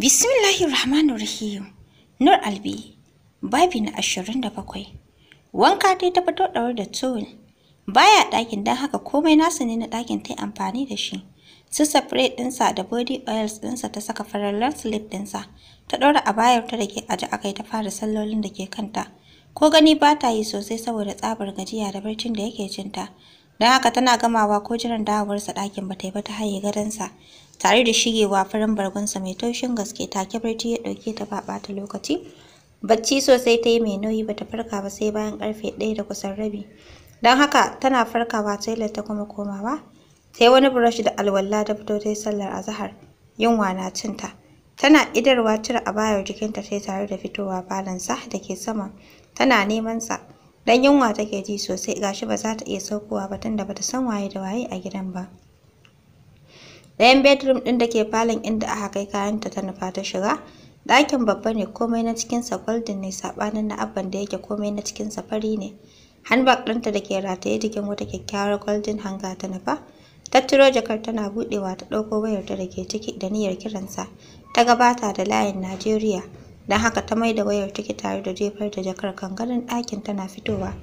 Bismillahir Rahmanir Rahim. Nur Albi, babi na ashirin da bakwai. Wanka dai ta fito ɗaure da towel. Baya ɗakin don haka komai nasa ne na ɗakin ta yi amfani da shi. Su spray ɗinsa da body oils ɗinsa ta saka farar farallar slip ɗinsa. Ta ɗaura a bayar ta da ke aji akai ta fara sallolin da ke kanta. Ko gani ba ta yi sosai saboda tsabar gajiya da barcin da yake cinta. Don haka tana gamawa ko jiran dawowarsa ɗakin ba ta yi ba ta haye gadonsa. tare da shigewa farin bargonsa mai taushin gaske take barci ya ɗauke ta ba ɓata lokaci bacci sosai ta yi mai nauyi bata farka ba sai bayan karfe ɗaya da kusan rabi don haka tana farkawa toilet ta kuma komawa ta wani brush da alwala da fito ta sallar azahar yunwa na cinta tana idarwa cire bayar jikinta sai tare da fitowa balansa da ke sama tana neman sa don yunwa take ji sosai gashi ba za ta iya saukowa ba tunda bata san waye da waye a gidan ba dayan bedroom ɗin da ke falon inda aka kai kayanta ta nufa ta shiga. Ɗakin babba ne komai na cikinsa golden ne saɓanin na abban da yake komai na cikinsa fari ne. Handbag ɗinta da ke rataye jikin wata kyakkyawar golden hanga ta nufa. Ta ciro jakar tana buɗewa ta ɗauko wayarta da ke ciki da niyyar kiransa. Ta gabata da layin Najeriya. Don haka ta maida wayar ciki tare da jefar da jakar kan ganin ɗakin tana fitowa.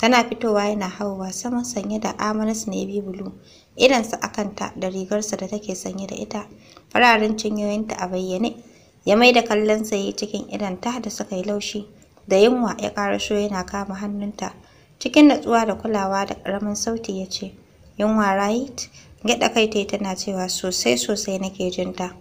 Tana fitowa yana hauwa saman sanye da amanas navy blue, idansa a kanta da rigarsa da take sanye da ita, fararen cinyoyinta a bayyane. Ya mai da kallon ya yi cikin idanta da suka yi laushi, da yunwa ya karasho yana kama hannunta. Cikin natsuwa da kulawa da ƙaramin sauti ya ce, Yunwa right? Gyaɗa kai tai tana cewa sosai sosai nake jinta.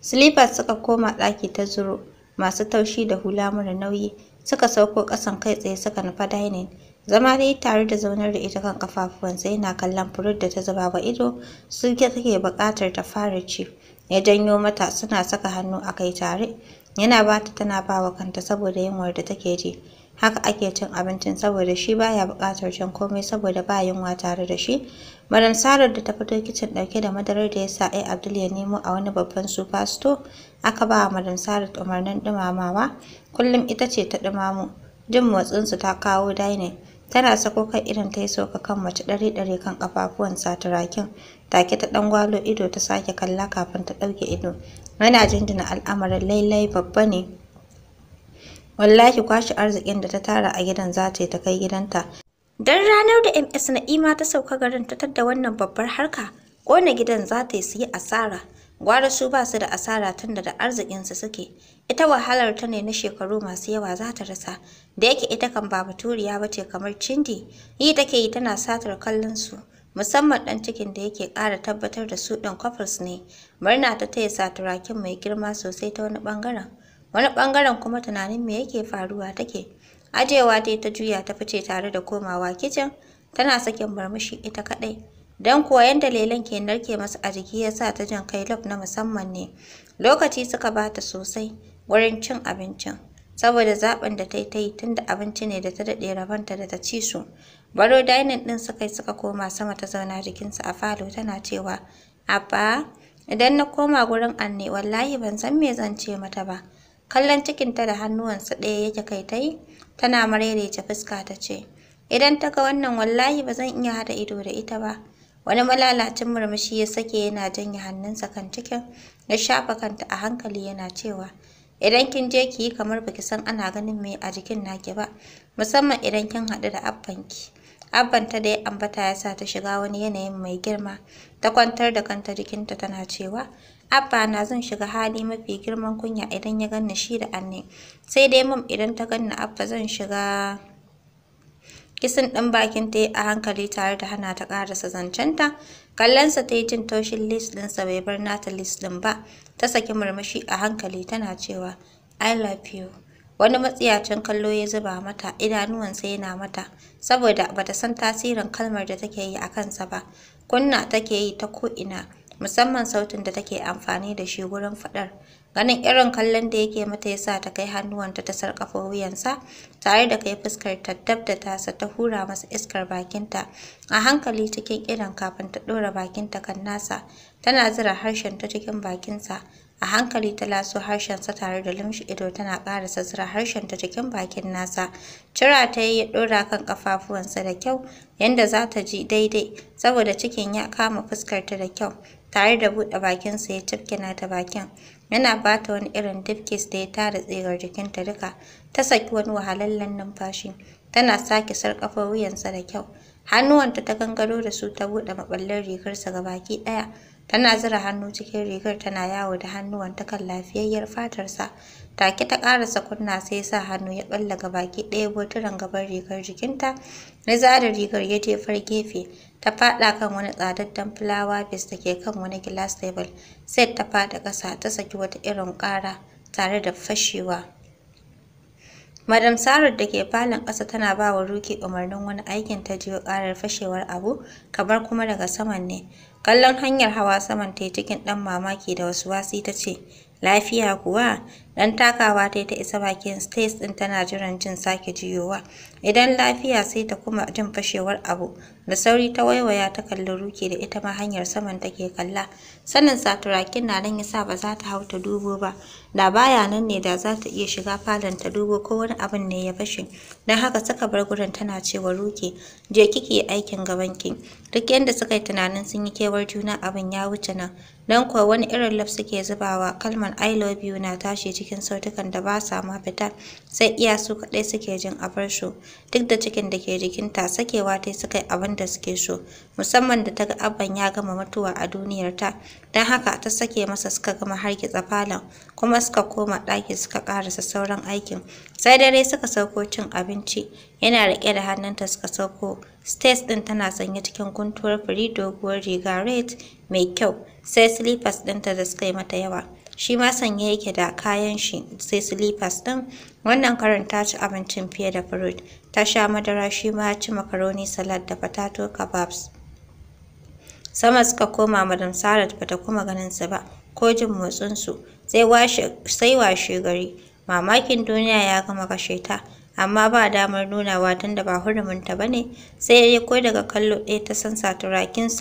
Slippers suka koma ɗaki ta zuro, masu taushi da hula mara nauyi. suka sauko ƙasan kai tsaye suka nufa dining zama dai tare da zaunar da ita kan kafafuwansa yana kallon furut da ta zuba wa ido su take buƙatar ta fara ci ya janyo mata suna saka hannu a kai tare yana ba ta tana ba wa kanta saboda yunwar da take ji haka ake cin abincin saboda shi baya buƙatar cin komai saboda ba yunwa tare da shi Madam Sarah da ta fito kitchen ɗauke da madarar da ya sa ai Abdul ya nemo a wani babban super store aka ba wa Madam Sarah umarnin dumamawa kullum ita ce ta ɗumamu. jin motsin su ta kawo dine tana sako kan irin ta yi sauka kan mace ɗari ɗari kan kafafuwan sa tarakin take ta ɗan gwalo ido ta sake kalla kafin ta ɗauke ido yana jinjina al'amarin lailai babba ne wallahi kwashe arzikin da ta tara a gidan za ta yi ta kai gidanta Don ranar da MS Na'ima ta sauka garin ta tadda wannan babbar harka, ƙona gidan za ta yi su yi asara. Gwara su ba su da asara tunda da arzikinsu suke. Ita wahalar ta ne na shekaru masu yawa za ta rasa, da yake ita kan ba baturiya ba ce kamar cindi, yi take yi tana satar kallon su. musamman ɗan cikin da yake ƙara tabbatar da su ɗin couples ne. Murna ta taya saturakin mai girma sosai ta wani ɓangaren. Wani ɓangaren kuma tunanin me yake faruwa take. Ajewa dai ta juya ta fice tare da komawa kicin, tana sakin murmushi ita kaɗai. Don kuwa yadda lelen ke narke masa a jiki ya sa ta jin kai na musamman ne. Lokaci suka bata sosai wurin cin abincin, saboda zaɓin da ta yi ta yi tun da abinci ne da ta daɗe rabonta da ta ci su. Baro dainin ɗin suka yi suka koma sama ta zauna jikinsa a falo tana cewa, Abba, idan na koma gurin Anne wallahi ban san me zan ce mata ba. kallon cikinta da hannuwansa ɗaya yake kai ta yi tana marerece fuska ta ce idan ta ga wannan wallahi ba zan iya haɗa ido da ita ba wani malalacin murmushi ya sake yana janye hannunsa kan cikin ya shafa kanta a hankali yana cewa idan kin je ki yi kamar baki san ana ganin me a jikin naki ba musamman idan kin haɗu da abbanki abbanta da ya ambata ya sa ta shiga wani yanayin mai girma ta kwantar da kanta jikinta tana cewa Abba na zan shiga hali mafi girman kunya idan ya ganni shi da Anne. Sai dai mum idan ta ganni Abba zan shiga kisan ɗin bakin ta yi a hankali tare da hana ta ƙarasa zancenta. Kallonsa ta yi jin taushin lis ɗinsa bai bar nata lis ɗin ba. Ta saki murmushi a hankali tana cewa, I love you. Wani matsiyacin kallo ya zuba mata idanuwansa yana mata, saboda bata san tasirin kalmar da take yi a kansa ba. Kunna take yi ta ko'ina. musamman sautin da take amfani da shi wurin faɗar. Ganin irin kallon da yake mata yasa ta kai hannuwanta ta sarƙafa wuyansa tare da kai fuskar ta dab da tasa ta hura masa iskar bakinta a hankali cikin irin kafin ta ɗora bakinta kan nasa tana zira harshen ta cikin bakinsa a hankali ta laso harshensa tare da limshi ido tana ƙarasa zira harshen ta cikin bakin nasa cira ta yi ya ɗora kan kafafuwansa da kyau yanda za ta ji daidai saboda cikin ya kama fuskarta da kyau tare da buɗe bakinsa ya cafke nata bakin yana bata wani irin difkis da ya tara tsigar jikinta duka ta saki wani wahalallen numfashi tana sake sarƙafar wuyansa da kyau hannuwanta ta gangaro da su ta buɗe maɓallin rigarsa ga baki ɗaya tana zura hannu cikin rigar tana yawo da ta kan lafiyayyar fatarsa take ta ƙarasa kunna sai sa hannu ya ɓalla ga baki ɗaya boturan gaban rigar jikinta na da rigar ya jefar gefe ta faɗa kan wani tsadaddan fulawa bis da ke kan wani glass table sai ta faɗa ƙasa ta saki wata irin ƙara tare da fashewa Madam Sarah da ke falon ƙasa tana ba wa Ruki umarnin wani aikin ta jiyo ƙarar fashewar abu kamar kuma daga saman ne. Kallon hanyar hawa saman ta cikin ɗan mamaki da wasu wasi ta ce, Lafiya kuwa? Dan takawa ta ta isa bakin states ɗin tana jiran jin sake jiyowa. Idan lafiya sai ta kuma jin fashewar abu. Da sauri ta waiwaya ta kalli Ruki da ita ma hanyar saman take kalla. Sanin saturakin na nan yasa ba za ta hau ta dubo ba. Da baya nan ne da za ta iya shiga falon ta dubo ko wani abin ne ya fashe. Don haka suka bar gurin tana cewa Ruki, je kike aikin gabanki. Duk yadda suka yi tunanin sun yi kewar juna abin ya wuce nan. Don kuwa wani irin lab suke zubawa kalmar I love you na tashi cikin sautukan da ba sa ma fita sai iya su kaɗai suke jin abar su duk da cikin da ke jikinta sakewa ta suka yi abin da suke so musamman da ta ga abban ya gama mutuwa a duniyar ta don haka ta sake masa suka gama hargitsa falon kuma suka koma ɗaki suka ƙarasa sauran aikin sai dare suka sauko cin abinci yana riƙe da hannunta suka sauko Stace ɗin tana sanye cikin kuntuwar fari doguwar riga red mai kyau sai slippers ɗinta da suka yi mata yawa. shi ma sanye yake da kayan shi sai slippers ɗin wannan karin ta ci abincin fiye da fruit ta sha madara shi ma ci macaroni salad da potato kebabs sama suka koma madam sarat bata kuma ganin su ba ko jin motsin su sai washe gari mamakin duniya ya gama kashe ta amma ba damar nunawa tunda ba huruminta ba ne sai dai ko daga kallo ɗaya ta san sa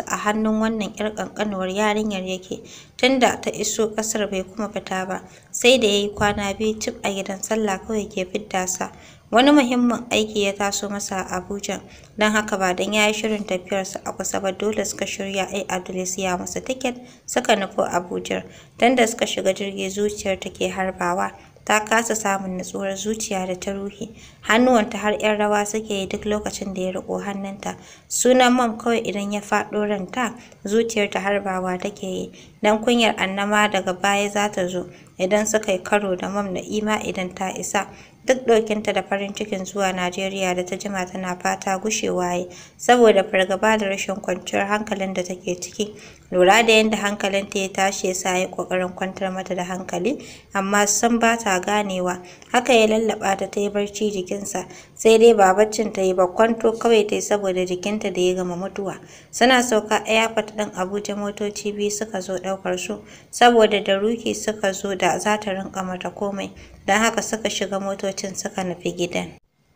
a hannun wannan 'yar ƙanƙanuwar yarinyar yake tunda ta iso ƙasar bai kuma fita ba sai da ya yi kwana biyu cif a gidan sallah kawai ke fidda sa wani muhimmin aiki ya taso masa a Abuja don haka ba don ya yi shirin tafiyarsa a kusa ba dole suka shirya ai Abdulis ya masa tiket suka nufo Abuja tunda suka shiga jirgi zuciyar take harbawa ta kasa samun nutsuwar zuciya da ta ruhi. Hannuwanta har 'yan rawa suke yi duk lokacin da ya riƙo hannunta. Sunan mam kawai idan ya faɗo ranta, zuciyarta harbawa take yi, don kunyar annama daga baya za ta zo, idan suka yi karo da mam ima idan ta isa. Duk ɗaukinta da farin cikin zuwa Najeriya da ta jima tana fata gushewa yi, saboda fargaba da rashin kwanciyar hankalin da take ciki. lura da yadda hankalinta ya tashi ya sa ya ƙoƙarin kwantar mata da hankali amma sun ba ta ganewa haka ya lallaɓa ta ta yi barci jikinsa sai dai ba baccin ta yi ba kwanto kawai ta yi saboda jikinta da ya gama mutuwa suna sauka airport ɗin abuja motoci biyu suka zo ɗaukar su saboda da ruki suka zo da za ta rinƙa mata komai don haka suka shiga motocin suka nufi gidan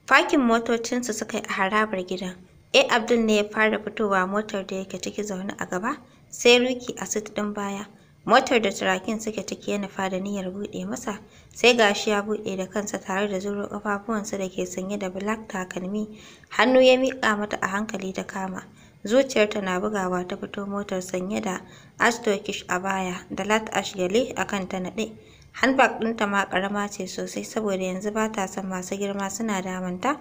fakin motocinsu suka yi a harabar gidan eh abdul ne ya fara fitowa motar da yake ciki zaune a gaba sai ruki a sit ɗin baya motar da turakin suke ciki ya nufa da niyyar buɗe masa sai gashi ya buɗe da kansa tare da zuro ƙafafuwansa da ke sanye da black takalmi hannu ya miƙa mata a hankali ta kama zuciyarta na bugawa ta fito motar sanye da ash turkish a baya da lat ash gale a kan ta naɗe handbag ɗinta ma ƙarama ce sosai saboda yanzu ba ta son masu girma suna damanta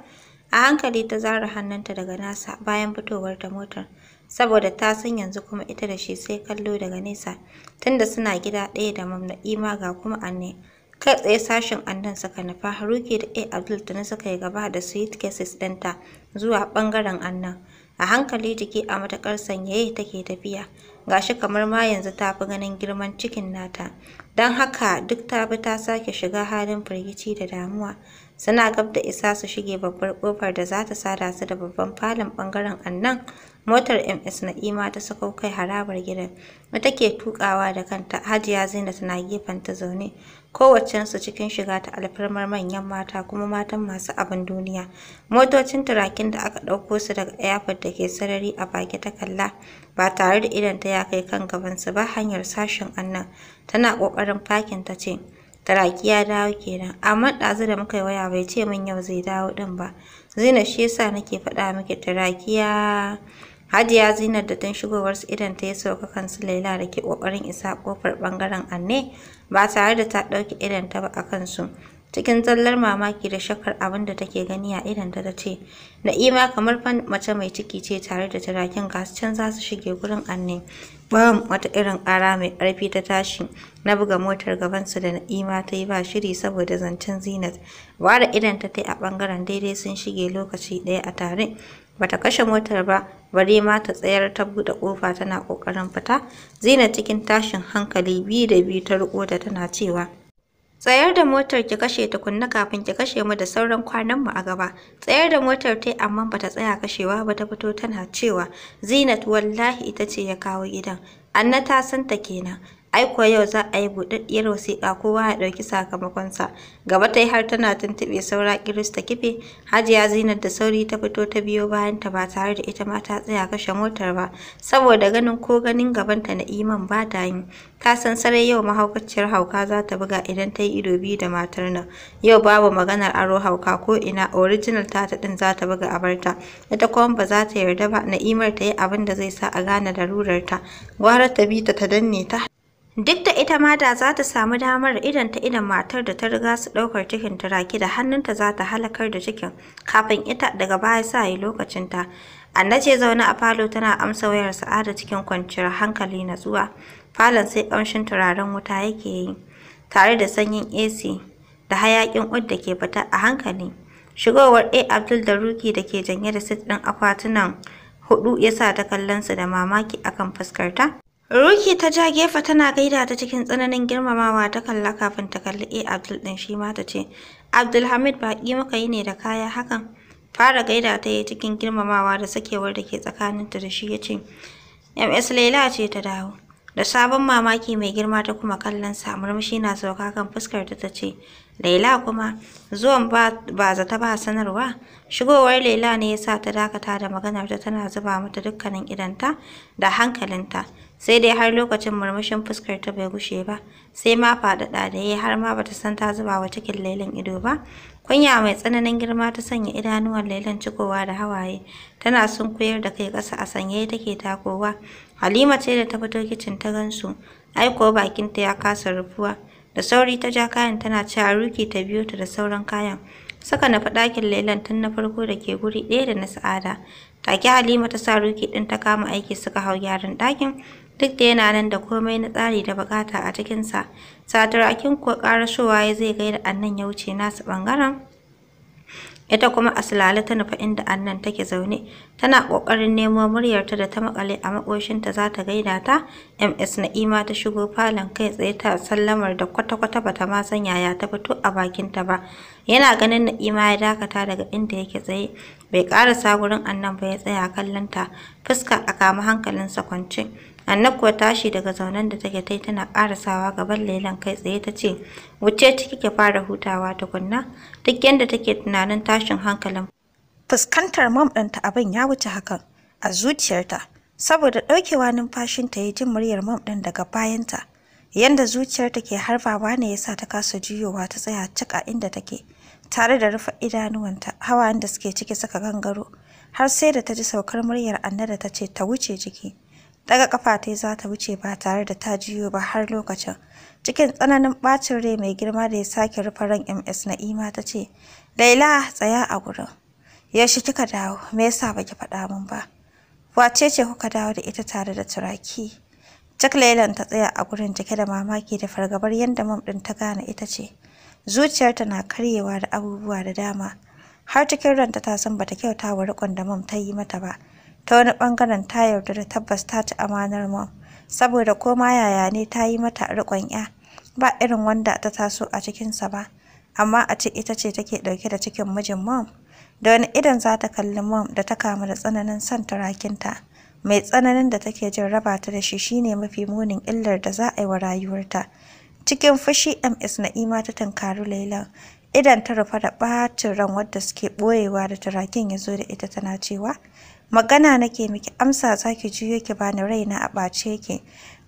a hankali ta zara hannunta daga nasa bayan fitowar ta motar saboda ta san yanzu kuma ita da shi sai kallo daga nesa tunda suna gida ɗaya da mamna'i ga kuma anne kai tsaye sashen annan suka nufa haruki da a abdul tuni suka yi gaba da sweet cases ɗinta zuwa ɓangaren annan a hankali jiki a matakar sanyaye take tafiya gashi kamar ma yanzu ta fi ganin girman cikin nata don haka duk ta bi ta sake shiga halin firgici da damuwa Suna gab da isa su shige babbar kofar da za ta sada su da babban falon bangaren annan motar MS Na'ima ta sako kai harabar gidan. Wata ke tukawa da kanta Hajiya Zainab tana gefen ta zaune. su cikin shiga ta alfarmar manyan mata kuma matan masu abin duniya. Motocin turakin da aka ɗauko su daga airport da ke sarari a baki ta kalla ba tare da idan ta ya kai kan gabansu ba hanyar sashen annan. Tana ƙoƙarin fakin ta ce. taraki ya dawo kenan, amma ɗazu da muka yi waya bai ce min yau zai dawo ɗin ba. zina shi yasa nake faɗa miki Talaki ya Hadiya zina da tun su idan ta yi sauka kansu su Laila da ke ƙoƙarin isa ƙofar ɓangaren Anne ba tare da ta ɗauki idan ta ba a kansu. cikin tsallar mamaki da shakar abin da take gani a idon ta ce na'ima kamar fa mace mai ciki ce tare da turakin su can za su shige gurin anne bam wata irin ƙara mai ƙarfi ta tashi na buga motar gabansu da na'ima ta yi ba shiri saboda zancen zinat ba da idan ta yi a bangaren daidai sun shige lokaci ɗaya a tare bata kashe motar ba bare ma ta tsayar ta bude kofa tana kokarin fita zinat cikin tashin hankali bi da bi ta ruko da tana cewa Tsayar da motar ki kashe tukunna kafin ki kashe mu da sauran kwanan mu a gaba. Tsayar da motar tai amma bata tsaya kashewa ba ta fito tana cewa Zinat wallahi ita ce ya kawo gidan. Anna ta san ta kenan. ai kuwa yau za a yi buɗaɗɗiyar wasiƙa kowa ya ɗauki sakamakonsa gaba ta yi har tana tuntuɓe saura kirista ta kife hajiya zinar da sauri ta fito ta biyo bayan ta ba tare da ita ma ta tsaya kashe motar ba saboda ganin ko ganin gabanta na iman ba ta yi ta san sarai yau mahaukaciyar hauka za ta buga idan ta yi ido biyu da matar nan yau babu maganar aro hauka ko ina original ta ta ɗin za ta buga a barta ita kuma ba za ta yarda ba na'imar ta yi abin da zai sa a gane larurarta gwara ta bi ta ta danne ta Duk da ita mata da za ta samu damar idan ta idan matar da ta riga su ɗaukar cikin turaki da hannunta za ta halakar da cikin kafin ita daga baya sa yi lokacinta. Anna ce zaune a falo tana amsa wayar Sa'ada cikin kwanciyar hankali natsuwa. Falon sai ƙamshin turaren wuta yake yi, tare da sanyin AC da hayakin ud da ke fita a hankali. Shigowar A. Abdul da Ruki da ke janye da sit ɗin akwatunan hudu ya sa ta kallon su da mamaki akan fuskarta. Ruki ta ja gefe tana gaida ta cikin tsananin girmamawa ta kalla kafin ta kalli A Abdul din shi ma ta ce, Abdulhamid baƙi muka yi ne da kaya hakan. Fara gaida ta yi cikin girmamawa da sakewar da ke tsakaninta da shi ya ce, MS Laila ce ta dawo. Da sabon mamaki mai girma ta kuma kallon sa murmushi na sauka kan fuskar ta ta ce, Laila kuma, zuwan ba ta ba sanarwa, shigowar Laila ne ya sa ta dakata da maganar ta tana zuba mata dukkanin idanta da hankalinta. sai dai har lokacin murmushin fuskar ta bai gushe ba sai ma faɗaɗa da ya har ma bata san ta zuba wa cikin lailan ido ba kunya mai tsananin girma ta sanya idanuwan lailan cikowa da hawaye tana sunkuyar da kai ƙasa a sanye take takowa halima ce da ta fito kicin ta gansu aiko bakinta ya kasa rufuwa da sauri ta ja kayan tana cewa ruki ta biyo ta da sauran kayan saka na ɗakin lailan tun na farko da ke guri ɗaya da na sa'ada take halima ta sa ruki ɗin ta kama aiki suka hau gyaran ɗakin duk da yana nan da komai na tsari da bukata a cikinsa sadarakin kuwa karasowa ya zai gaida annan ya wuce nasu bangaren ita kuma asilali ta nufa inda annan take zaune tana kokarin nemo muryarta da ta makale a makoshinta za ta gaida ta ms na'ima ta shigo falon kai tsaye ta sallamar da kwata-kwata bata ma san yaya ta fito a bakinta ba yana ganin na'ima ya dakata daga inda yake tsaye bai karasa wurin annan ba ya tsaya kallon ta fuska a kama hankalinsa kwance annan kuwa tashi daga zaunen da take tai tana karasawa gaban lailan kai tsaye ta ce wuce ciki ke fara hutawa tukunna duk yadda take tunanin tashin hankalin fuskantar mam ɗinta abin ya wuce hakan a zuciyarta saboda ɗaukewa numfashinta ya ji muryar mam ɗin daga bayanta yadda zuciyarta ke harbawa ne yasa ta kasa juyowa ta tsaya cika inda take tare da rufe idanuwanta hawayen da suke ciki suka gangaro har sai da ta ji saukar muryar annada ta ce ta wuce jiki daga kafa ta za ta wuce ba tare da ta jiyo ba har lokacin cikin tsananin bacin rai mai girma da ya sake rufe ran ms na'ima ta ce laila tsaya a gurin yaushe kika dawo me yasa baki faɗa min ba wace ce kuka dawo da ita tare da turaki Jack lailan ta tsaya a gurin cike da mamaki da fargabar yadda mam ɗin ta gane ita ce. zuciyarta na karyewa da abubuwa da dama har cikin ranta ta san bata kyauta wa rikon da mam ta yi mata ba ta wani ɓangaren ta yarda da tabbas ta ci amanar mam saboda ko ma yaya ne ta yi mata rikon ya ba irin wanda ta taso a cikinsa ba amma a ce ita ce take ɗauke da cikin mijin mom da wani idan za ta kalli mom da ta kamu da tsananin son turakinta mai tsananin da take jin raba ta da shi shine mafi munin illar da za a yi wa rayuwarta Cikin fushi MS Na'ima ta tankari Lailan. Idan ta rufe da ɓacin ran wadda suke ɓoyewa da turakin ya zo da ita tana cewa, Magana nake miki amsa za ki juyo ki bani raina a ɓace yake.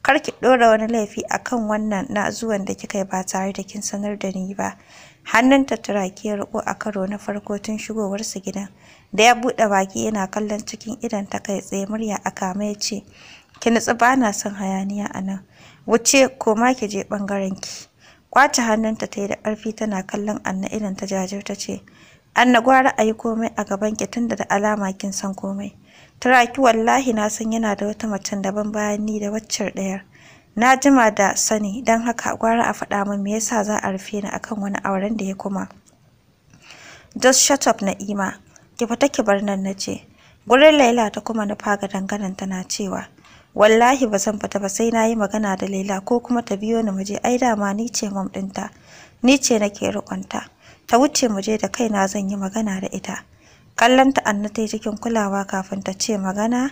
Kar ki ɗora wani laifi a kan wannan na zuwan da kika yi ba tare da kin sanar da ni ba. Hannunta turaki ya riƙo a karo na farko tun su gidan. Da ya buɗe baki yana kallon cikin idon ta kai tsaye murya a kama ya ce, Ki nutsu ba na son hayaniya a nan. wuce koma ki je ɓangarenki ƙwace hannunta ta yi da ƙarfi tana kallon anna idan ta jajir ce anna gwara ayi komai a gabanki tunda da alama kin san komai turaki wallahi na san yana da wata macen daban bayan ni da waccar ɗaya. na jima da sani dan haka gwara a faɗa min me yasa za a rufe ni akan wani auren da ya kuma just shut up na'ima ki fita ki bar nan na gurin laila ta kuma nufa ga danganan tana cewa wallahi ba zan fita ba sai na yi magana da Laila ko kuma ta biyo ni muje ai dama ni ce mom ɗinta ni ce nake rikonta ta wuce muje da kaina zan yi magana da ita kallon ta anna cikin kulawa kafin ta ce magana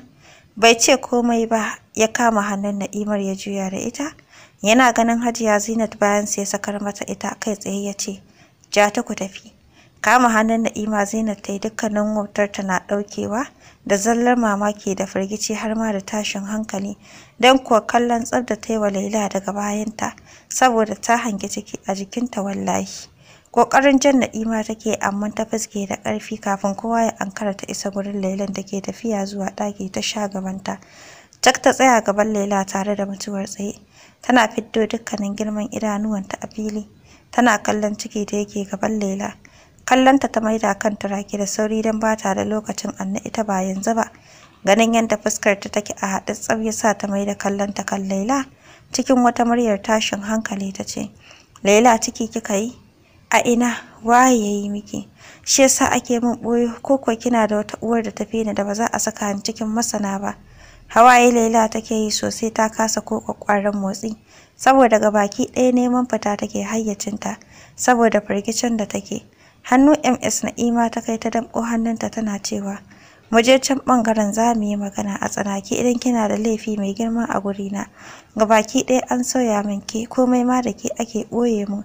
bai ce komai ba ya kama hannun Na'imar ya juya da ita yana ganin Hajiya Zainat bayan sai sakar mata ita kai tsaye ya ce ja ta ku tafi Kama hannun Na'ima Zainab ta yi dukkanin ta na ɗaukewa da zallar mamaki da firgici har ma da tashin hankali don kuwa kallon tsab da ta yi wa Laila daga bayanta saboda ta hangi ciki a jikinta wallahi. Ƙoƙarin jan Na'ima take amma ta fuske da ƙarfi kafin kowa ya ankara ta isa gurin Lailan da ke tafiya zuwa ɗaki ta sha gabanta. Jack ta tsaya gaban Laila tare da mutuwar tsaye, tana fiddo dukkanin girman idanuwanta a fili, tana kallon ciki da yake gaban Laila. kallonta ta maida kan turaki da sauri don ba ta da lokacin anna ita ba yanzu ba ganin yadda fuskar ta take a haɗe tsab ya sa ta maida kallonta kan laila cikin wata muryar tashin hankali ta ce laila ciki kika yi a ina waye ya yi miki shi yasa ake min ɓoye ko kuwa kina da wata uwar da tafi ni da ba za a saka ni cikin masana ba hawaye laila take yi sosai ta kasa ko kwakwaran motsi saboda ga baki ɗaya neman fita take hayyacinta saboda firgicin da take hannu ms na ima ta kai ta damƙo hannunta tana cewa mu can bangaren za mu yi magana a tsanaki idan kina da laifi mai girma a gurina baki ɗaya an sauya min ke komai ma da ke ake ɓoye mu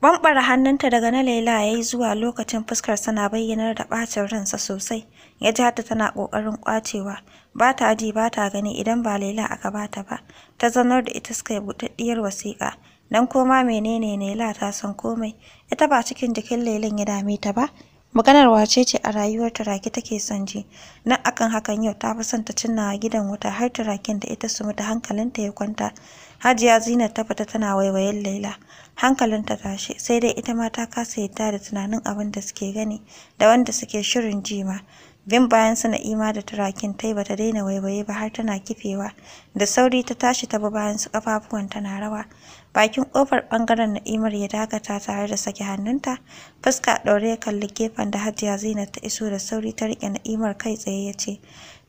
Bambara hannunta daga na Laila ya yi zuwa lokacin fuskar sana bayyanar da ɓacin ransa sosai, ya ji hata tana ƙoƙarin kwacewa ba ta ji ba ta gani idan ba Laila aka bata ba, ta zanar da ita suka yi buɗaɗɗiyar wasiƙa, don koma menene Laila ta san komai, ita ba cikin jikin lelen ya dame ta ba maganar wace ce a rayuwar turaki take son ji na akan hakan yau ta fi son ta cinna gidan wuta har turakin da ita su mutu hankalinta ya kwanta hajiya zina ta fita tana waiwayen laila hankalinta tashi sai dai ita ma ta kasa yadda da tunanin abin da suke gani da wanda suke shirin jima Bin bayan su Na'ima da turakin tai bata daina waiwaye ba har tana kifewa. Da sauri ta tashi ta bi bayan su kafafuwan tana rawa. Bakin kofar bangaren Na'imar ya dakata tare da sake hannunta. Fuska daure ya kalli gefen da Hajiya Zainab ta iso da sauri ta rike Na'imar kai tsaye ya ce,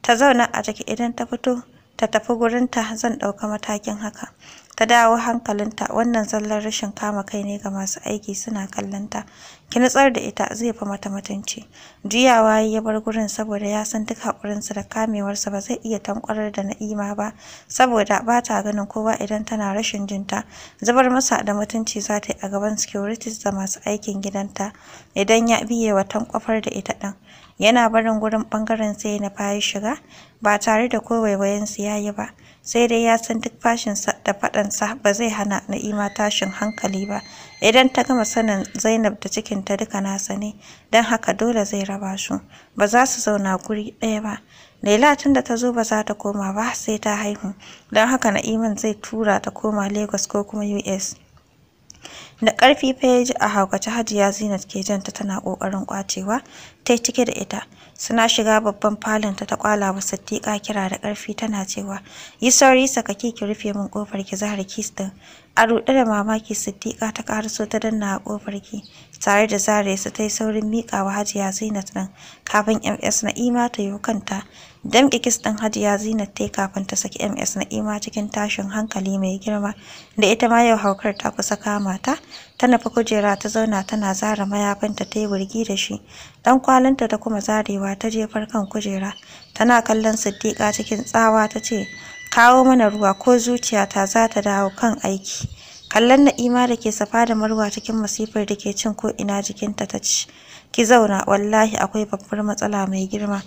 "Ta zauna a take idan ta fito, ta tafi gurin ta zan dauka matakin haka." Ta dawo hankalinta, wannan zallar rashin kama kai ne ga masu aiki suna kallonta. ki nutsar da ita zai fi mata mutunci juyawa ya bar gurin saboda ya san duk haƙurinsa da kamewarsa ba zai iya tankwarar da na'ima ba saboda ba ta ganin kowa idan tana rashin jinta zubar masa da mutunci za ta yi a gaban securities da masu aikin gidanta idan ya biye wa tankwafar da ita ɗin yana barin gurin ɓangaren na fayi shiga ba tare da ko waiwayen ya yayi ba sai dai ya san duk fashinsa da sa ba zai hana Na'ima tashin hankali ba idan ta gama sanin Zainab da cikin ta duka nasa ne dan haka dole zai raba su ba za su zauna guri ɗaya ba Laila tun da ta zo ba za ta koma ba sai ta haihu don haka Na'iman zai tura ta koma Lagos ko kuma US da ƙarfi fa ya ji a haukace hajiya zinat ke janta tana ƙoƙarin ƙwacewa ta yi cike da ita suna shiga babban falinta ta kwala wa kira da karfi tana cewa yi sauri sakaki ki rufe min kofar ki zahar kis din a ruɗe da mamaki sadiqa ta ƙaraso ta danna a kofar ki tare da zare su ta yi saurin miƙawa wa Hajiya Zainat din kafin MS na ima ta yi kanta damƙe kis ɗin Hajiya Zainat ta yi kafin ta saki MS na ima cikin tashin hankali mai girma da ita ma yau haukar ta kusa kama ta ta nufi kujera ta zauna tana zara mayafinta ta yi wurgi da shi ɗan kwalinta da kuma zarewa ta jefar kan kujera tana kallon siddiƙa cikin tsawa ta ce kawo mana ruwa ko zuciyata za ta dawo kan aiki kallon na'ima da ke safa da marwa cikin masifar da ke cin ko'ina ina jikinta ta ci ki zauna wallahi akwai babbar matsala mai girma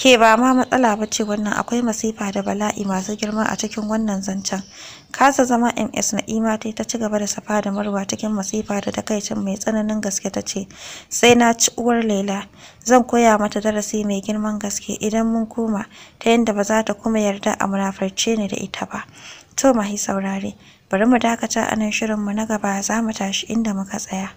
ke ba ma matsala ba ce wannan akwai masifa da bala'i masu girma a cikin wannan zancen kasa zama ms na ima ta ta ci gaba da safa da marwa cikin masifa da takaicin mai tsananin gaske ta ce sai na ci uwar laila zan koya mata darasi mai girman gaske idan mun koma ta yadda ba za ta kuma yarda a munafarce ni da ita ba to mahi saurare bari mu dakata a nan shirinmu na gaba za mu tashi inda muka tsaya